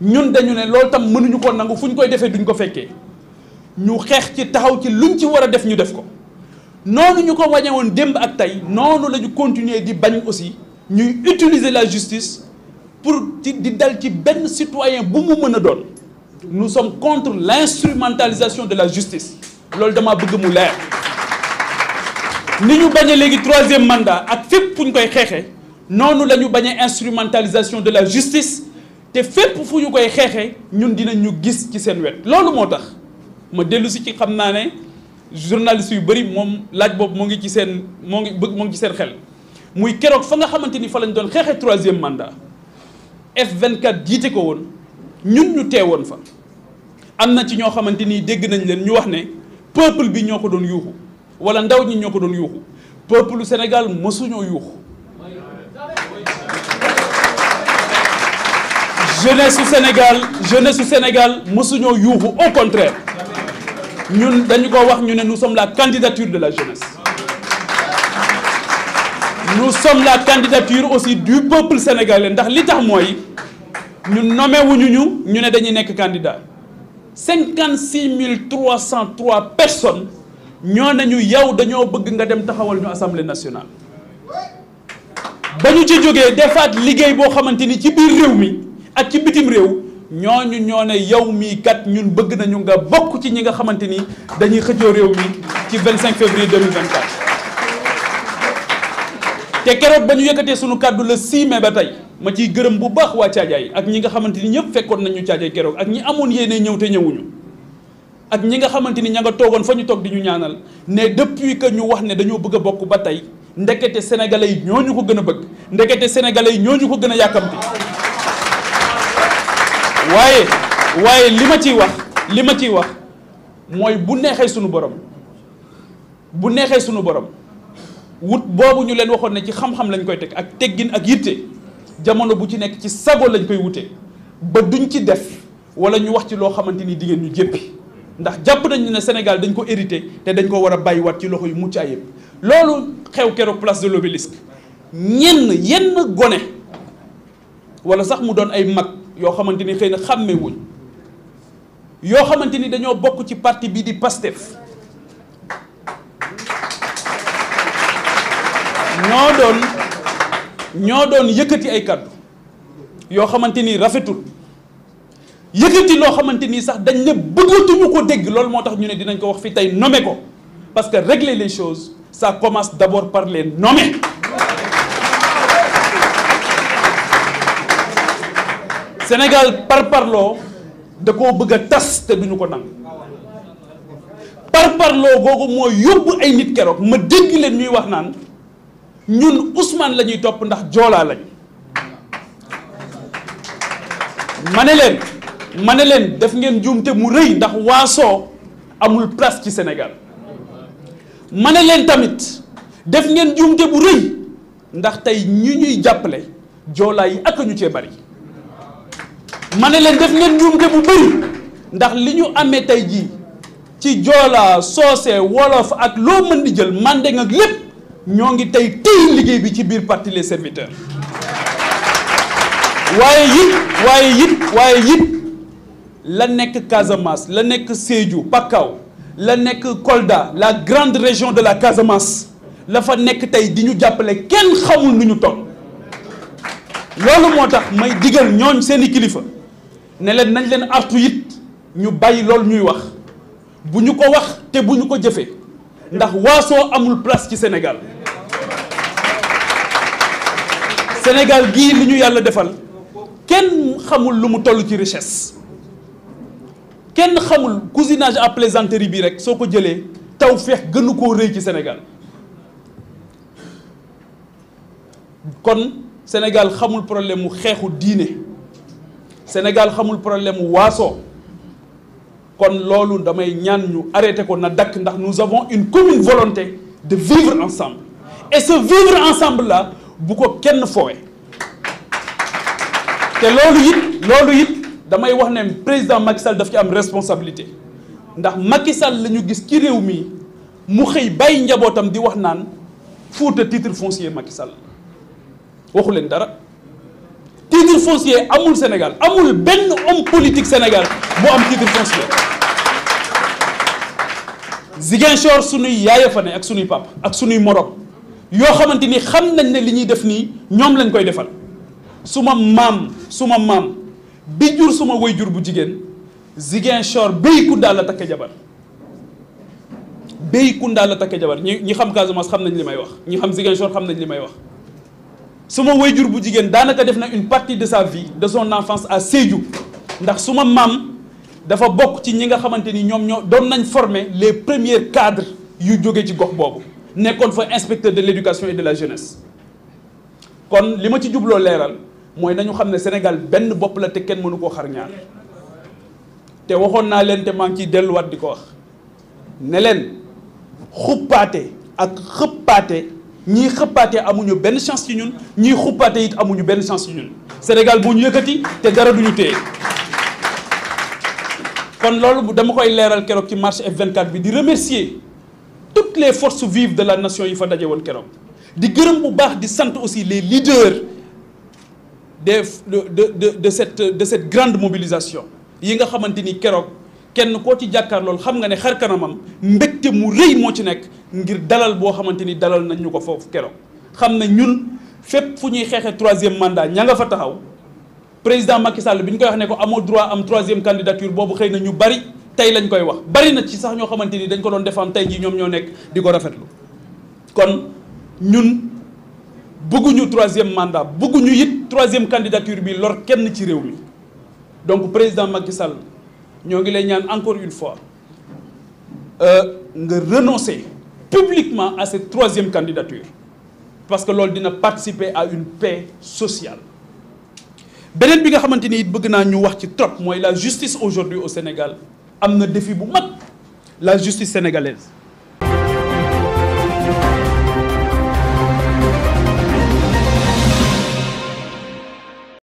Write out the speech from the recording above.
ñun dañu ne loolu tam mënuñu ko nangu fu ñu koy defee duñu ko fekkee ñu xeex ci taxaw ci luñ ci war a def ñu def ko noonu ñu ko wañe woon démb ak tey noonu la ñu continuer di bañ aussi ñuy utiliser la justice pour ci di dal ci benn citoyen bu mu mën a doon nous sommes contre l'instrumentalisation de la justice loolu dama bëgg mu leer ni ñu bañ a léegi troisième mandat ak fépp fu ñu koy xeexee noonu la ñu bañ a instrumentalisation de la justice te fépp fu ñu koy xeexee ñun dinañ ñu gis ci seen wet loolu moo tax ma dellu si ci xam naa ne journaliste yu bëri moom laaj boobu moo ngi ci seen moo ngi bëgg moo ngi ci seen xel muy keroog fa nga xamante ni fa lañ doon xeexee troisième mandat F24 jiite ko woon ñun ñu teewoon fa am na ci ñoo xamante ni dégg nañ leen ñu wax ne peuple bi ñoo ko doon yuuxu wala ndaw ñi ñoo ko doon yuuxu peuple Sénégal mësuñoo yuuxu jeunesse su Sénégal jeunesse su Sénégal mosuñoo yuuxu au contraire ñun dañu ko wax ñu ne nu sommes la candidature de la jeunesse nous sommes la candidature aussi du peuple sénégalais ndax li tax mooy ñun nommé wuñu ñu ñu ne dañuy nekk candidat cinquante six mille trois cent trois personnes ñoo nañu yow dañoo bëgg nga dem taxawal ñu assemblée nationale ba ñu ci jógee defaat liggéey boo xamante ni ci biir réew mi réew ñu ñoo ne yow mii kat ñun bëgg nañu nga bokk ci ñi nga xamante ni dañuy xëccoo réew mi ci 25 février 2024. te keroog ba ñu yëkkatee sunu kàddu la 6 mai ba tey ma ciy gërëm bu baax waa Caajaay ak ñi nga xamante ni ñëpp fekkoon nañu Caajaay keroog ak ñi amoon yéene ñëw te ñëwuñu. ak ñi nga xamante ni ña nga toogoon fa ñu toog di ñu ñaanal ne depuis que ñu wax ne dañoo bëgg bokk ba tey ndekete sénégalais yi ñoo ñu ko gën a bëgg ndekete sénégalais yi ñoo ñu ko gën a yàkkamti waaye waaye li ma ciy wax li ma ciy wax mooy bu neexee sunu borom bu neexee sunu borom wut boobu ñu leen waxoon ne ci xam-xam lañ koy teg ak teggin ak yitte jamono bu ci nekk ci sago lañ koy wute ba duñ ci def wala ñu wax ci loo xamante ni di ñu jéppi ndax jàpp nañu ne Sénégal dañ ko hérité te dañ ko war a bàyyiwaat ci loxo yu mucc ayib loolu xew keroog place de l'Obélisque ñenn yenn gone wala sax mu doon ay mag. yoo xamante ni xëy na xàmmewuñ yoo xamante ni dañoo bokk ci parti bii di PASTEF ñoo doon ñoo doon yëkkati ay kàddu yoo xamante ni rafetul yëkkati loo xamante ni sax dañ ne bëggatuñu ko dégg loolu moo tax ñu ne dinañ ko wax fi tey nommer ko parce que régler le choses ça commence d'abord par leen nommer Sénégal parparloo da koo bëgg a tas te duñu ko nangu parparloo googu mooy yóbbu ay nit keroog ma dégg leen ñuy wax naan ñun Ousmane lañuy topp ndax joolaa lañ ma ne leen ma ne leen def ngeen juumte mu rëy ndax waasoo amul place ci Sénégal ma ne leen tamit def ngeen juumte bu rëy ndax tey ñi ñuy jàppale joolaa yi ak ñu cee bari ma ne leen def ngeen ko bu bëri ndax li ñu amee tey jii ci joola soose wolof ak loo mën di jël mandeng ak lépp ñoo ngi tey téye liggéey bi ci biir parti les waaye yit waaye yit waaye yit la nekk Casamance la nekk Sédhiou Pakao la nekk Kolda la grande région de la Casamance la fa nekk tey di ñu jàppale kenn xamul nu ñu toll loolu moo tax may digal ñooñ seeni kilifa ne leen nañ leen artu it ñu bàyyi loolu ñuy wax bu ñu ko wax te bu ñu ko jëfee ndax waasoo amul place ci Sénégal Sénégal gii lu ñu yàlla defal kenn xamul lu mu toll ci richesse kenn xamul cousinage à plaisanterie bi rek soo ko jëlee taw feex gënu koo rëy ci Sénégal kon Sénégal xamul problème mu xeexu diine Sénégal xamul problème waaso kon loolu damay ñaan ñu arrêté ko na dakk ndax nous avons une commune volonté de vivre ensemble et ce vivre ensemble là bu ko kenn fowe te loolu it loolu it damay wax ne président Macky Sall daf ci am responsabilité ndax Macky Sall la ñu gis ci réew mi mu xëy bàyyi njabootam di wax naan Fouta titre foncier makisal waxu leen dara foncier amul Sénégal amul benn homme politique Sénégal bu am titre foncier Ziguinchor sunuy yaaya fa ne ak sunuy pap ak sunuy morom yoo xamante ni xam nañ ne li ñuy def nii ñoom lañ koy defal ma maam suma maam bi jur suma waajur bu jigéen Ziguinchor Béykounda la takk jabar Béykounda a takk jabar ñi ñi xam Casamance xam nañ li may wax ñi xam Ziguinchor xam nañ li may wax su ma suma jur bu jigéen daanaka def na une partie de sa vie de son enfance à Sédhiou ndax su ma maam dafa bokk ci ñi nga xamante ni ñoom ñoo doon nañ former les premiers cadre yu jóge ci gox boobu nekkoon fa inspecteur de l'éducation et de la jeunesse kon li ma ci jubloo leeral mooy nañu xam ne Sénégal benn bopp la te kenn mënu koo xar ñaar te waxoon naa leen te maa ngi ciy delluwaat di ko wax ne leen xuppaate ak xëppaate ñii xëppaatee amuñu benn chance ci ñun ñii xuppaate it amuñu benn chance ci ñun Sénégal moo ñu yëkkati te dara duñu téye kon loolu dama koy leeral keroog ci marche F24 bi di remercier toutes les forces vives de la nation yi fa daje woon keroog di gërëm bu baax di sant aussi les leaders des de de de cette de cette grande mobilisation yi nga xamante ni keroog. kenn koo ci jàkkaar loolu xam nga ne xar kanamam mbégte mu rëy moo ci nekk ngir dalal boo xamante ni dalal nañ ñu ko foofu keroog xam ne ñun fépp fu ñuy xeexee troisième mandat ña nga fa taxaw président Macky Sall bi ñu koy wax ne ko amoo droit am troisième candidature boobu xëy na ñu bari tey lañ koy wax bari na ci sax ñoo xamante ni dañ ko doon defaan tey jii ñoom ñoo nekk di ko rafetlu kon ñun bëgguñu troisième mandat bëgguñu it troisième candidature bi lor kenn ci réew mi donc président Macky Sall. ñoo ngi lay ñaan encore une fois euh, nga renoncer publiquement à cette troisième candidature parce que loolu dina participer à une paix sociale beneen bi nga xamante ni bëgg naa ñu wax ci trop mooy la justice aujourd'hui au Sénégal am na défi bu mag la justice sénégalaise